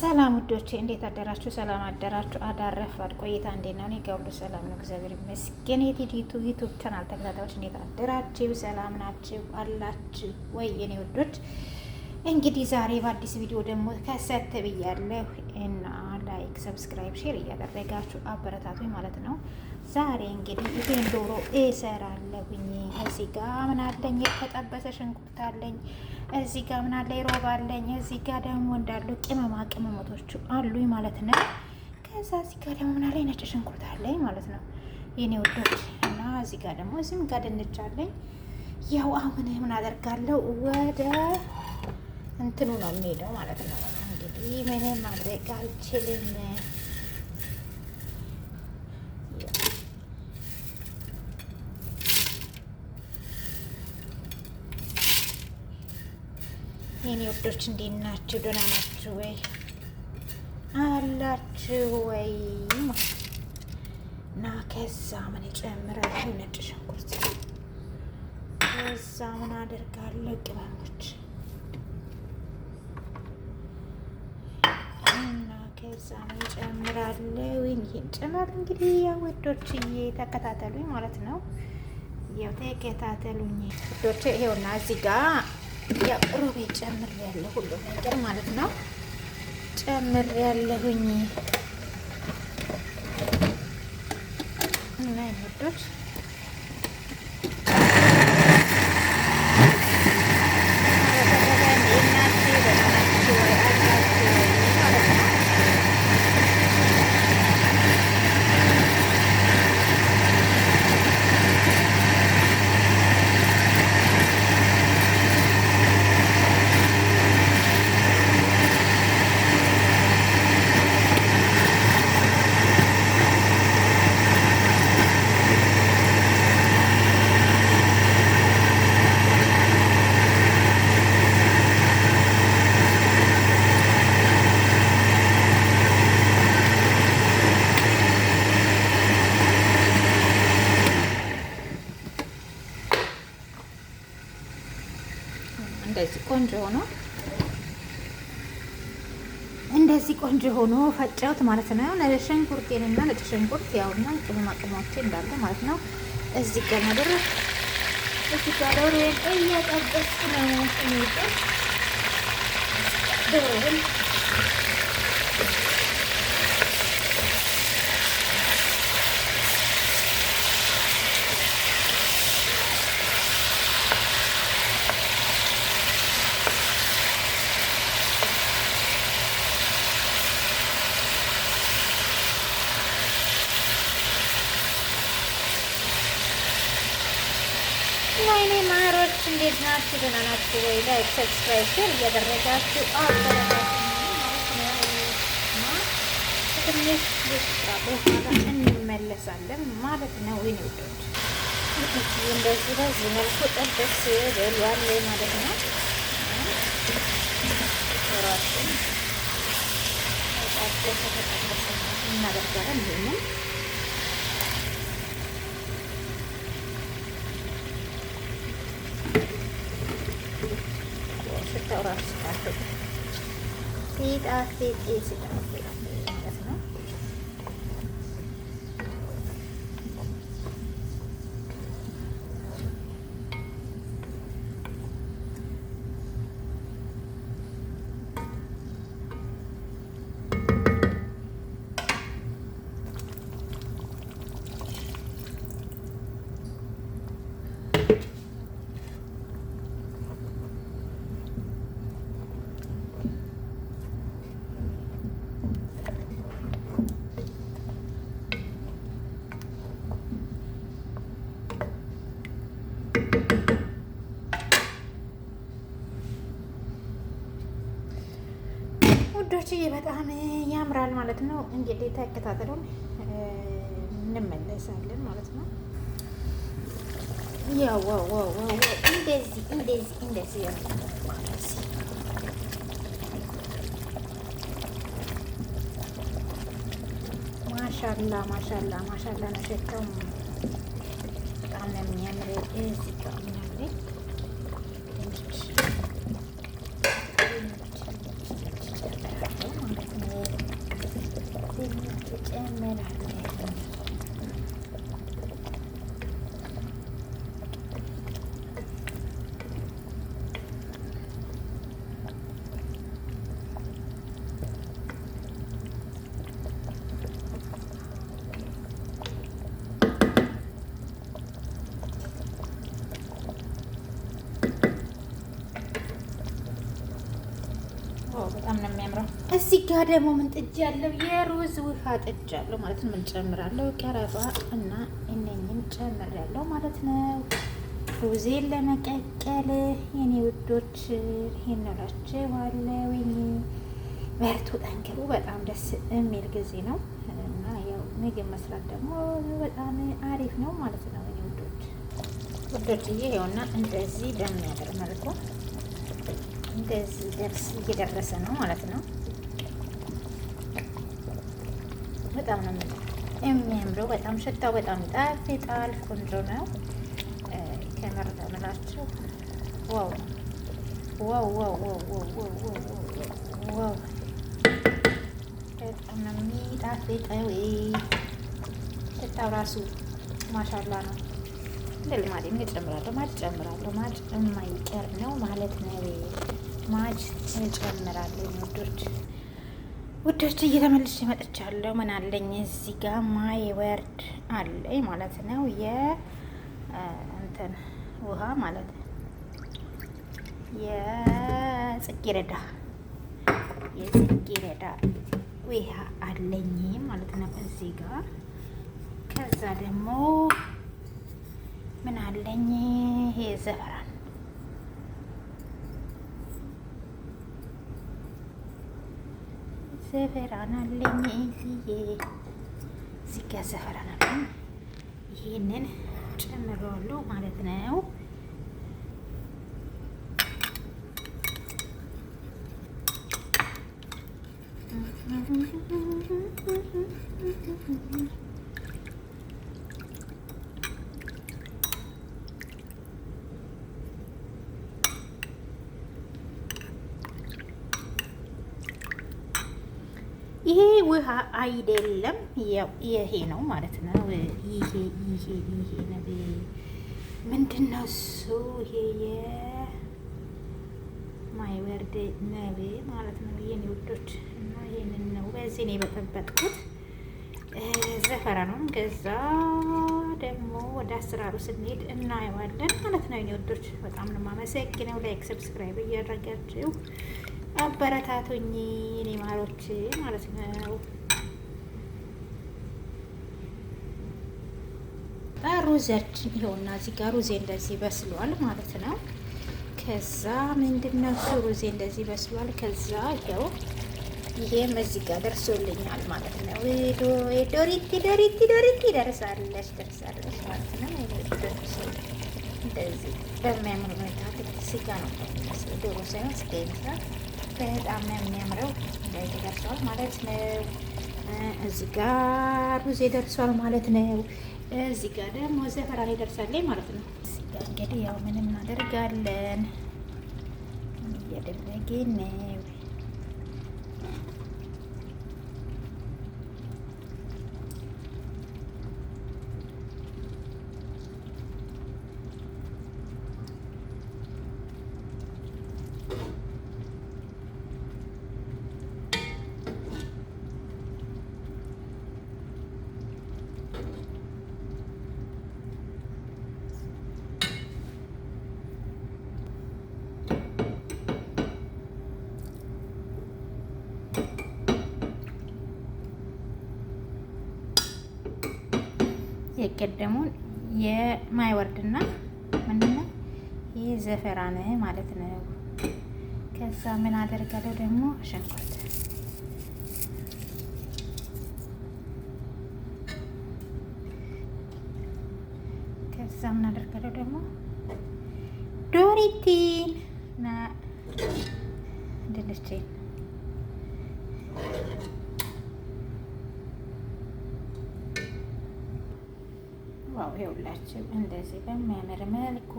ሰላም ውዶቼ እንዴት አደራችሁ? ሰላም አደራችሁ? አዳረፍ አድቆይታ እንዴት ነው? እኔ ጋር ሁሉ ሰላም ነው፣ እግዚአብሔር ይመስገን። የቲዲቱ ዩቱብ ቻናል ተከታታዮች እንዴት አደራችሁ? ሰላም ናችሁ አላችሁ ወይ? የኔ ውዶች እንግዲህ ዛሬ በአዲስ ቪዲዮ ደግሞ ከሰት ብያለሁ እና ላይክ፣ ሰብስክራይብ፣ ሼር እያደረጋችሁ አበረታቱ ማለት ነው። ዛሬ እንግዲህ ይሄን ዶሮ እሰራለሁኝ። እዚህ ጋ ምን አለኝ? የተጠበሰ ሽንኩርት አለኝ። እዚህ ጋ ምን አለ? ሮብ አለኝ። እዚህ ጋ ደግሞ እንዳሉ ቅመማ ቅመሞቶቹ አሉኝ ማለት ነው። ከዛ እዚህ ጋ ደግሞ ምን አለኝ? ነጭ ሽንኩርት አለኝ ማለት ነው የኔ ውዶች እና እዚህ ጋ ደግሞ እዚህም ጋ ድንች አለኝ። ያው አሁን ምን አደርጋለሁ ወደ እንትኑ ነው የሚሄደው ማለት ነው ఈమెనే మధ్యకాల చెల్లిందే నేను ఎప్పుడు తిన్నచ్చుడు నచ్చవే አላችወይ እና ከዛ ምን ይጨምራል? ነጭ ሽንኩርት። ከዛ ምን አደርጋለሁ? ቅመሞች ከዛ ነው ጨምራለሁ። ይህን ጭምር እንግዲህ ውዶችዬ ተከታተሉኝ ማለት ነው። ያው ተከታተሉኝ ውዶች። ይሄውና እዚህ ጋር ያው ሮቤ ጨምር ያለ ሁሉ ነገር ማለት ነው ጨምር ያለሁኝ እና ውዶች እንደዚህ ቆንጆ ሆኖ እንደዚህ ቆንጆ ሆኖ ፈጨሁት ማለት ነው። ነጭ ሽንኩርቴንና ነጭ ሽንኩርት ያውና ቅመማ ቅመሞቼ እንዳለ ማለት ነው። እዚህ ጋር ነበር እዚህ ጋር ዶሮዬን እያጠበስኩ ነው። ዶሮዬን እንዴት ናችሁ? ደህና ናችሁ ወይ? ላይክ ሰብስክራይብ፣ ሼር እያደረጋችሁ ትንሽ እንመለሳለን ማለት ነው። ወይ እንደዚህ በዚህ መልኩ ጠበስ ማለት ነው። እናደርጋለን outfit is it outfit? ውዶችዬ በጣም ያምራል ማለት ነው። እንግዲህ ተከታተሉን እንመለሳለን ማለት ነው። ያው እንደዚህ እንደዚህ እንደዚህ ማሻላ ማሻላ ማሻላ ነው። ሸካው በጣም ነው የሚያምር እዚህ ጋር ጋ ደግሞ ምን ያለው የሩዝ ውሃ ጥጅ ያለው ማለት ነው። ምን ጨምራለሁ? ቀረባ እና እነኝን ጨምሬያለሁ ማለት ነው። ሩዜን ለመቀቀል የኔ ውዶች ይኖራችኋለሁ። በርቱ፣ ጠንክሩ። በጣም ደስ የሚል ጊዜ ነው እና ያው ምግብ መስራት ደግሞ በጣም አሪፍ ነው ማለት ነው። የኔ ውዶች ውዶችዬ፣ ይኸውና እንደዚህ በሚያምር መልኩ እንደዚህ ደርስ እየደረሰ ነው ማለት ነው። በጣም ነው የሚያምረው። በጣም ሽታው በጣም ይጣፍጣል። ቆንጆ ነው። ከምር ተምላችሁ ዋው ዋው ዋው ዋው! በጣም ነው የሚጣፍጠው። ሽታው ራሱ ማሻላ ነው። እንደ ልማዴ ምን ጨምራለሁ? ማድ ጨምራለሁ። ማድ የማይቀር ነው ማለት ነው። ማድ ጨምራለሁ ውዶች ውዶች እየተመልሽ መጥቻለሁ። ምን አለኝ እዚህ ጋ ማይ ወርድ አለኝ ማለት ነው። የእንትን ውሃ ማለት ነው። የጽጌረዳ የጽጌረዳ ውሃ አለኝ ማለት ነው እዚህ ጋ። ከዛ ደግሞ ምን አለኝ ይሄ ዘፈራ ሰፈራን አለኝ እዝዬ እዚህ ጋ ሰፈራን አለኝ። ይህንን ጨምረዋለሁ ማለት ነው። ይሄ ውሃ አይደለም፣ ያው ይሄ ነው ማለት ነው። ይሄ ይሄ ይሄ ነው ምንድን ነው እሱ? ይሄ የማይወርድ ነቤ ማለት ነው። የኔ ውዶች እና ይሄንን ነው በዚህ ነው የበጠበጥኩት። ዘፈራኑን ገዛ ደግሞ ወደ አሰራሩ ስንሄድ እናየዋለን ማለት ነው። የኔ ውዶች በጣም ነው የማመሰግነው። ላይክ ሰብስክራይብ እያደረጋችሁ አበረታቱኝ እኔ ማሮች ማለት ነው። ሩዛችን ይኸውና እዚህ ጋር ሩዜ እንደዚህ በስሏል ማለት ነው። ከዛ ምንድነው እሱ ሩዜ እንደዚህ በስሏል። ከዛ ይኸው ይሄም እዚህ ጋር ደርሶልኛል ማለት ነው። ዶሪቲ ዶሪቲ ዶሪቲ ደርሳለች ደርሳለች ማለት ነው። እንደዚህ በሚያምር ሁኔታ ስጋ ነው ዶሮ ሳይሆን ስጋ ይመስላል። በጣም ነው የሚያምረው። እንዳይ ደርሷል ማለት ነው። እዚህ ጋር ሩዜ ደርሷል ማለት ነው። እዚህ ጋር ደግሞ ዘፈራኔ ደርሳለኝ ማለት ነው። እንግዲህ ያው ምን እናደርጋለን እያደረግን ነው የቀደሙን የማይወርድና ምንድነው ይህ ዘፈራን ማለት ነው። ከዛ ምን አደርጋለሁ ደግሞ ሽንኩርት ከዛ ምን አደርጋለሁ ደግሞ ዶሪቲን ና ድንቼን ዋው ይኸውላችሁ እንደዚህ በሚያምር መልኩ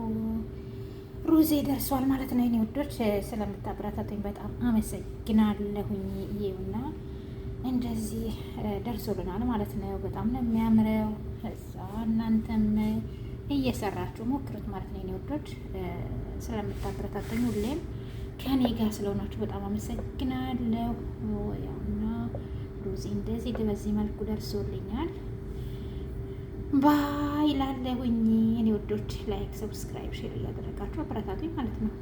ሩዜ ደርሷል ማለት ነው። የኔ ውዶች ስለምታበረታቱኝ በጣም አመሰግናለሁኝ። ይኸውና እንደዚህ ደርሶልናል ማለት ነው። በጣም ነው የሚያምረው። እዛ እናንተም እየሰራችሁ ሞክሩት ማለት ነው። የኔ ውዶች ስለምታበረታቱኝ ሁሌም ከኔ ጋር ስለሆናችሁ በጣም አመሰግናለሁ። ያውና ሩዜ እንደዚህ በዚህ መልኩ ደርሶልኛል ባ ይላለሁኝ። እኔ ወዶች ላይክ፣ ሰብስክራይብ፣ ሼር እያደረጋችሁ አበረታቱኝ ማለት ነው።